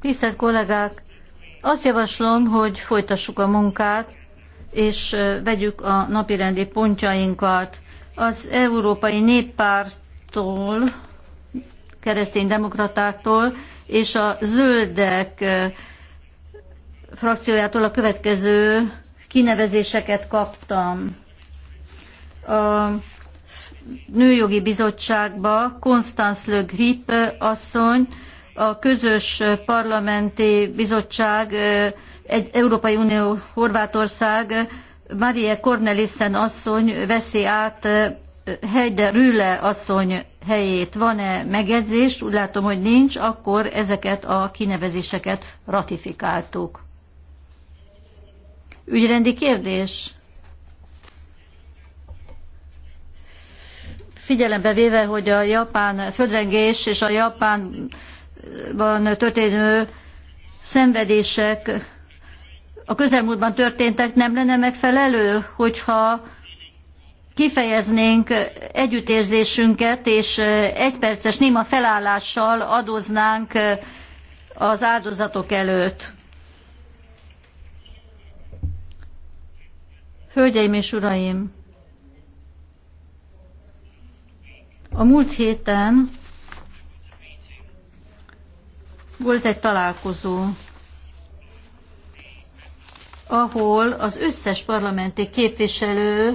Tisztelt kollégák, azt javaslom, hogy folytassuk a munkát, és vegyük a napirendi pontjainkat. Az Európai Néppártól, demokratáktól és a Zöldek frakciójától a következő kinevezéseket kaptam. A nőjogi bizottságba Constance Le Grip asszony, a közös parlamenti bizottság, egy Európai Unió Horvátország, Marie Cornelissen asszony veszi át Heide Rüle asszony helyét. Van-e megjegyzés? Úgy látom, hogy nincs, akkor ezeket a kinevezéseket ratifikáltuk. Ügyrendi kérdés? figyelembe véve, hogy a japán földrengés és a japánban történő szenvedések a közelmúltban történtek, nem lenne megfelelő, hogyha kifejeznénk együttérzésünket, és egy perces néma felállással adoznánk az áldozatok előtt. Hölgyeim és uraim! A múlt héten volt egy találkozó, ahol az összes parlamenti képviselő